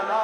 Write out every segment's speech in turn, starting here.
la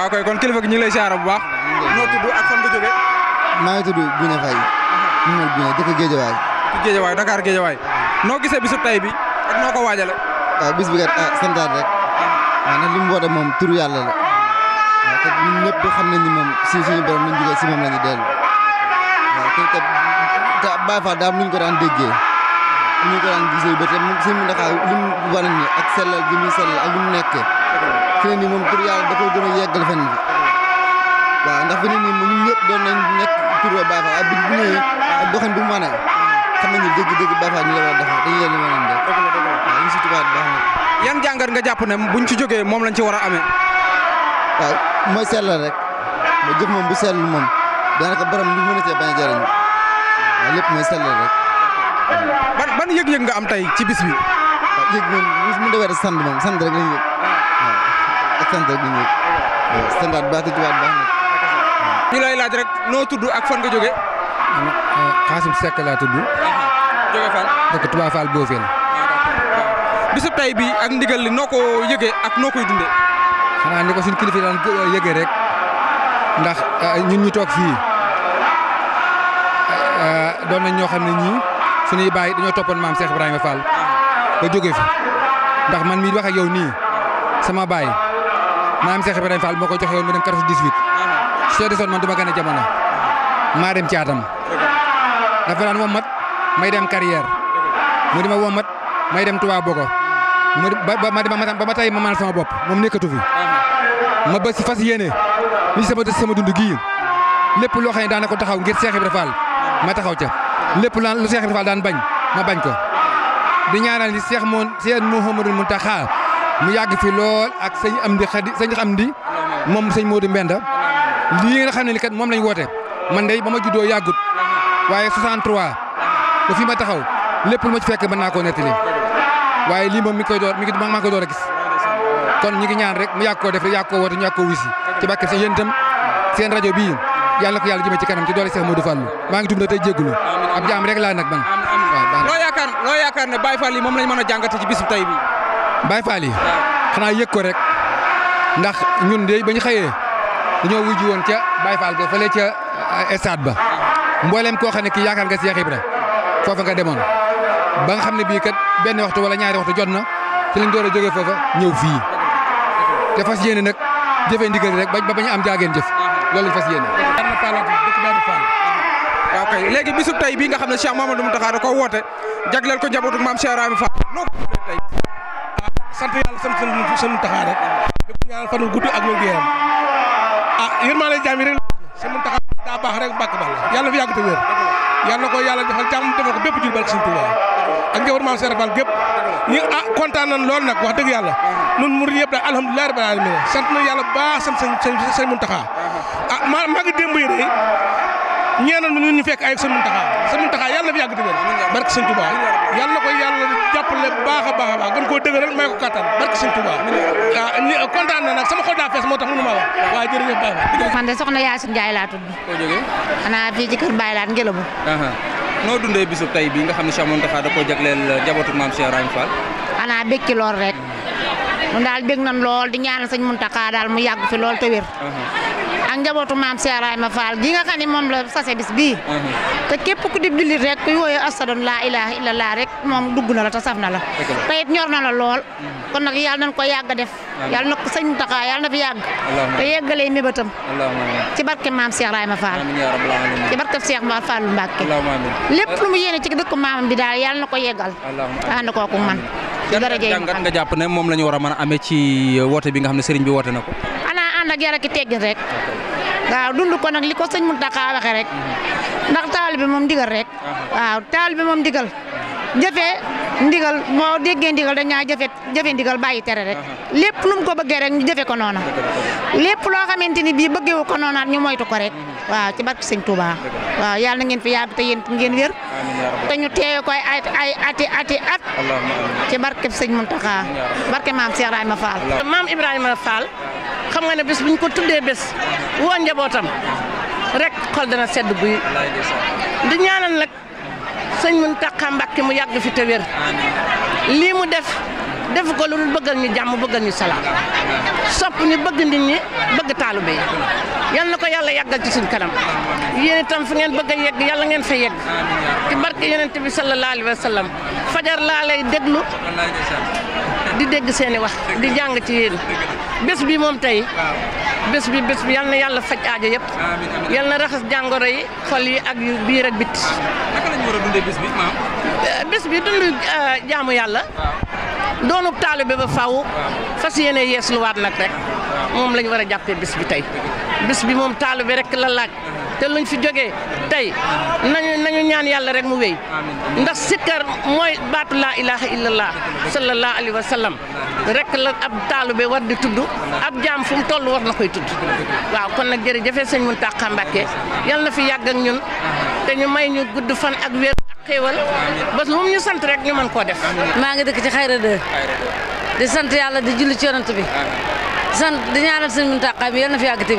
waa koy kon kilifa gi ñu ngi lay siyaara bu baax. noo tudd ak fan nga jógee. maa ngi tudd Bouna Faye. ñu ngi Bouna dëkk Géejawaay. dëkk Géejawaay noo gisee bisu tay bi ak noo ko waajale waaw bis bi kat ah santaat rek. maa nag li mu woote moom turu yàlla la. te ñun ñëpp xam nañ ni moom si suñu borom ñu jógee si moom la ñu dellu. te te Baay Faal daal ñu ko daan déggee. ñu ko daan gisee ba te moom suñu ndax li mu war a ak sellal gi sellal ak li mu nekk. fi ne moom tur yàlla da koy gën a yeggal fenn bi waaw ndax fi ne nii ñun ñëpp doon nañ nekk tur ba Baay Faal ak bu ñu mu mën a xam nañu dëgg-dëgg Baay Faal ñu la war a si tubaab yan jàngat nga jàpp ne buñ ci jógee moom lañ ci war a amee waaw mooy sellal rek ma jëf moom bu sell lu mën a cee bañ a jëriñ lépp mooy sellal rek ban ban yëg nga am tey ci bis bi yëg moom mu dawee sant moom sant rek lañ yëg ah. waaw ak sant bi ñu standard baax na tubaab baax na. ñu lay laaj rek noo tudd ak fan nga jóge euh, Xaasim Seck laa tudd. jóge fan. dëkk Touba Fall Bofène. tay bi ak ndigal li noo ko yëgee ak noo koy dundee. xanaa ni ko suñu kilifa daan euh, yëgee rek ndax euh, ñun ñi toog fii doon nañ ñoo xam ne ñii suñuy bàyyi dañoo toppoon maam Cheikh Ibrahima Fall ba jóge fi ndax man mii wax a yow nii sama baay. maam Cheikh Ibrahima Fall moo ko joxe woon mu dem 98. soo desoon ma gën a jamono. maa dem caatam. may dem carrière. mu di ma womat may dem Touba Bogo. mu ba ba ma ba ma tey ma maal bopp moom nekkatu fi. ma ba si fas yéene. li sama des sama dund gii lépp loo xam ne daan ko taxaw ngir Cheikh Ibrahima Fall ma taxaw ca lépp lu seex Ibrahima Fall daan bañ ma bañ ko. di ñaanal ni Cheikh moom Cheikh Mouhamadou Mountakha mu yàgg fi lool ak sëñ Amdi Xadi sëñ Amdi moom sëñ Modou Mbenda lii nga xam ne kat moom lañ woote man day ba ma juddoo yàggut waaye 63 ba fi ma taxaw lépp lu ma ci fekk mën naa koo nettali waaye lii moom mi mi ngi maa ngi koy door a gis kon ñu ngi ñaan rek mu yàgg koo def rek yàgg koo woote ñu yàgg koo wisi ci bàkke si yéen itam seen rajo bii yàlla ko yàlla jëmee ci kanam ci doole Cheikh Modou Fallou maa ngi tuub na tey jéggulu ab jaam rek laa nag man waaw loo ne Baye Fall yi moom lañ mën a jàngate ci bisu tey bi Baye Fall yi xanaa yëg ko rek ndax ñun de bañ ñu xëyee dañoo wujj woon ca Baye Fall ba fële ca eh, stade ba mbooleem koo xam ne ki yaakaar nga Cheikh Ibra foofa nga demoon ba nga xam ne bii kat benn waxtu wala ñaari waxtu jot na ci lañ door a jógee foofa ñëw fii te fas yéene nag jëfee ndigal rek ba bañ am jaageen jëf loolu fas yéene. waaw léegi bisub tey bii nga xam ne Cheikh Mamadou Mountakha da ko woote jagleel ko njabootu maam Cheikh Rahim sant yàlla sant seen seen taxaar rek lépp ñaanal fan gudd ak wér gu yaram ah yërmaande jaam yi rek seen taxaar daa baax rek mbàkk bal la yàlla na fi yàgg te wér yàlla na ko yàlla defal jàmm defal ko bépp jur barke Sëriñ Tuubaa ak njabootu maam Serigne Fall gépp ñu ah kontaan nañ lool nag wax dëgg yàlla nun murid yëpp daal alhamdulilah rabbil alamin sant nañ yàlla baax sant seen seen a Muntaxa ah maa maa ngi ñaanal nu ñu fekk ay sëñ Muntaxa sëñ Muntaxa yàlla na fi yàgg tëgër barke sëñ Touba yàlla na ko yàlla jàppale baax a baax a baax gën koo dëgëral may ko kattan barke sa Touba ah kontaan nag sama xol fees moo tax mënu maa wax waaye jërëjëf baax na. man de soxna Yacine Ndiaye laa tudd. koo jógee. xanaa fii ci kër Baye Laat Ngelabu. noo dundee bisu tey bii nga xam ne Cheikh Muntaxa da koo jagleel uh, njabootu maam Cheikh Rahim Fall. xanaa bëgg ci lool rek. Mm. ñun daal bëgg nañ lool di ñaanal mun Muntaxa daal mu yàgg fi lool te wér ak njabootu maam Seeraay ma Faal gi nga xam moom la sase bii uh-huh. te képp ku dib jullit rek ku yooyu asadon laa ilaha illallah rek moom dugg na la te saf na la te it ñor na la lool uh-huh. kon nag yàlla nañ ko yàgg a def yàlla na ko sëñ yàlla na fi yàgg te yeggalee mébétam ci barke maam Seeraay ma Faal ci ma Faalu Mbàkke lépp lu mu yéene ci dëkk maamam bi daal yàlla na ko yeggal ànd kooku man nga jàpp ne moom la ñu war a mën a amee ci woote bi nga xam ne sëriñ bi woote na ko ànd ak yar ak teggin rek waaw dund ko nag li ko sëñ Mountakha waxee rek ndax taal bi moom ndigal rek waaw taal bi moom ndigal jëfe ndigal moo déggee ndigal dañ ñaa jëfe jëfe ndigal bàyyi tere rek lépp nu ko bëggee rek ñu jëfe ko noona lépp loo xamante ni bii bëggewu ko noonaat ñu moytu ko rek waaw ci barke sëñ Touba waaw yàlla na ngeen fi yàgg te yéen ngeen wér te ñu teewe ko ay ay ati ati at ci barke sëñ Mountakha barke maam Cheikh Ibrahima maam Ibrahima Fall xam nga bés bu ñu ko tuddee bés woo njabootam rek xol dana sedd buy di ñaanal nag sëñ Mountakha Mbacké mu yàgg fi te lii mu def def ko lu bëggal ñu jàmm bëggal ñu salaam sopp ñu bëgg nit ñi bëgg taalu yi yal na ko yàlla yàggal ci suñ kanam yéen itam fi ngeen bëgg a yegg yàlla ngeen fa yegg ci barke yonent bi sallallahu alayhi wa sallam fajar laa lay déglu di dégg seeni wax di jàng ci yeen bés bi moom tey. bés bi bés bi yal na yàlla faj aajo yëpp. yal na raxas jàngoro yi xol yi ak biir ak bit. naka bi maam. Eh, bi dund eh, jaamu yàlla. doonub taalibe ba faw fas yéene yeesluwaat nag rek. moom la war a jàppee bés bi tey. bés bi moom taalibe rek la laaj. te luñ fi jogee tey nañu nañu ñaan yàlla rek mu wéy ndax sikkar mooy baatu la ilaha illallah sallallahu alayhi wa sallam rek la ab be war di tudd ab jaam fu mu toll war na koy tudd waaw kon nag jërëjëfee sëñ Mountakha Mbacké yal na fi yàgg ak ñun te ñu may ñu gudd fan ak weer ak xéewal ba lu ñu sant rek ñu mën koo def. maa ngi dëkk ci Xayra 2 di sant yàlla di julli ci yonent bi sant di ñaanal sëñ Mountakha bi yal na fi yàgg te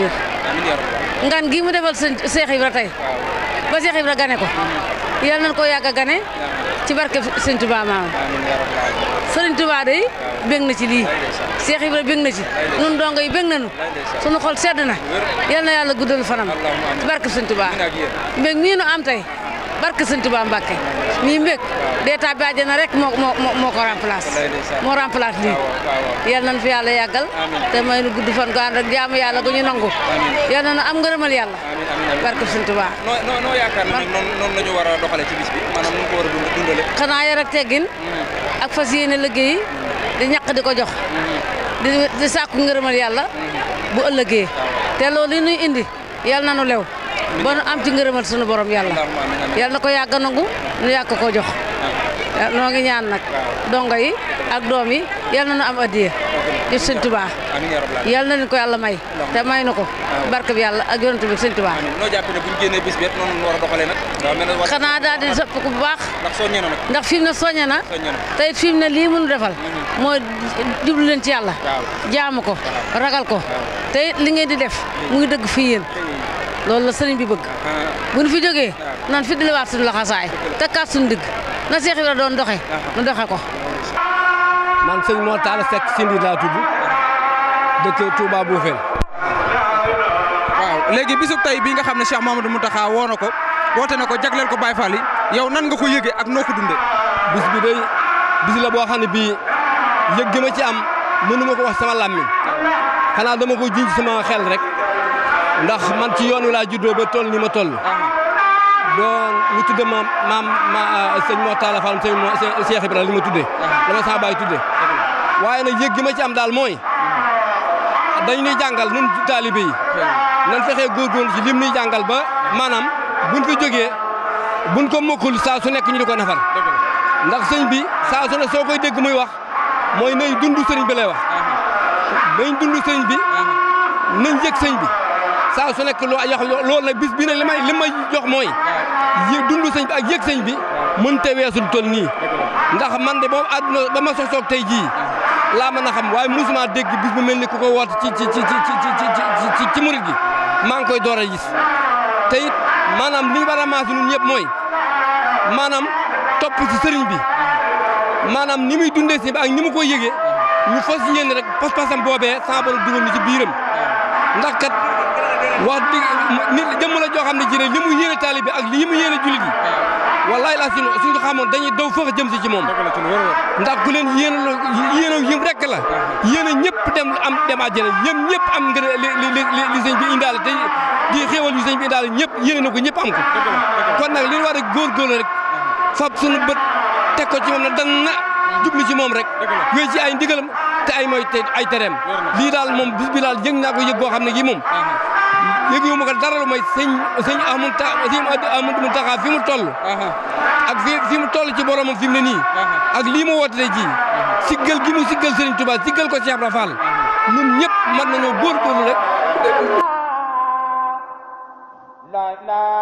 ngan gi mu defal sëñ Seex Ibra tey ba Seex Ibra gane ko yal nañ ko yàgg a gane ci barke sëñ Tuubaa maam sëriñ Tuubaa day bég na ci lii Seex Ibra bég na ci nun dongo yi bég nañu sunu xol sedd na yal na yàlla guddal fanam ci barke sëñ Tuubaa mbég mii am tey barke sëñ Tuubaa Mbàkke mii dee tàbbi àjjana rek moo ko remplace moo remplace lii yal nañ fi yàlla yàggal te may nu gudd fan gu ànd ak yàlla gu ñu nangu yal na am ngërëmal yàlla barke sëñ noo yaakaar na noonu la war a doxale ci bis bi maanaam nu ko war a dundale xanaa yar teggin ak fas yéene liggéey di ñaq di ko jox di di sàkku ngërëmal yàlla bu ëllëgee te loolu li nuy indi yal na nu lew ba am ci ngërëmal sunu borom yàlla yàlla na ko yàgg a nangu nu yàgg ko jox noo ngi ñaan nag dongo yi ak doom yi yal na nu am addiya ci sëñ Tuubaa yàlla na leen ko yàlla may te may na ko barke bi yàlla ak yonent bi sëñ Tuubaa noo jàpp bu ko bu baax ndax soññe na nag na te it na lii mënu defal mooy jublu leen ci yàlla jaamu ko ragal ko te li ngeen di def mu ngi dëgg fii yéen loolu la sëriñ bi bëgg uh-huh. bu nu fi jógee uh-huh. nan fi diliwaat suñu laxasaay takkaat suñu digg na Seex Ibra doon doxe uh-huh. nu doxe ko man sëñ Mor Talla Seck Sindi laa tudd dëkke Touba Boufène waaw léegi bisub tey bii nga xam ne Cheikh mu Moutakha woo na ko woote na ko jagleel ko baay Fall yow nan nga ko yëgee ak noo ko dundee bis bi day bis la boo xam ne bii yëg gi ma ci am mënu ma ko wax sama làmmiñ xanaa dama ko jiñ sama xel rek ndax man ci yoon wi laa juddoo ba toll ni ma toll. doon ñu tudde ma maam ma ah, sëñ Mor Talla Fall sëñ Cheikh Ibrahima li ma tuddee. dama baay bàyyi waaye nag yëg gi ma ci am daal mooy. dañ ñuy jàngal ñun taalibe yi. nan fexee góorgóorlu ci lim ñuy jàngal ba maanaam buñ fi jógee buñ ko mokkul saa su nekk ñu di ko nafar ndax sëñ bi saa su ne soo koy dégg muy wax mooy nay dund sëriñ bi lay wax. nañ dund sëriñ bi nañ yëg sëñ bi. saa su nekk loo yox loolu nag bis bii nag li may li may jox mooy dund sëñ bi ak yëg sëñ bi mën te weesul toll nii ndax man de boobu àdduna ba ma sosoog tey jii laa mën a xam waaye musuma dégg bis bu mel ni ku ko woote ci ci ci ci ci murit gi maa ngi koy door a gis te it maanaam li ñu war a maas ñun ñëpp mooy maanaam topp ci sëriñ bi maanaam ni muy dundee sëriñ bi ak ni koy yëgee ñu fas yéene rek pas-pasam boobee saa borom dugal ci biiram wax dëgg nit jëmm la joo xam ne jëré li mu yéene taalibe ak li mu yéene jullit yi wallaay laa suñu suñu xamoon dañuy foo foofa jëm si ci moom ndax ku leen yéen yéen yim rekk la yéen a ñëpp dem am dem àjjana yëm ñëpp am ngën li li li sëñ bi indaale te di xéewal yu sëñ ñëpp yéene na ko ñëpp am ko kon nag li war a góorgóorlu rek fab suñu bët teg ko ci moom nag dan na jublu ci moom rek wéy ci ay ndigalam te ay mooy te ay tereem lii daal moom bis bi daal yëg naa ko yëg goo xam ne gi moom yëg-yëg mu ko dara lu may sëñ sëñ Ahmad sëñ Ahmad Muntaxa fi mu toll. ak fi mu toll ci boromam fi mu ne nii. ak lii mu woote ji. siggal gi mu siggal Serigne Touba siggal ko Cheikh Ibra Fall ñun na mën nañoo góorgóorlu rek.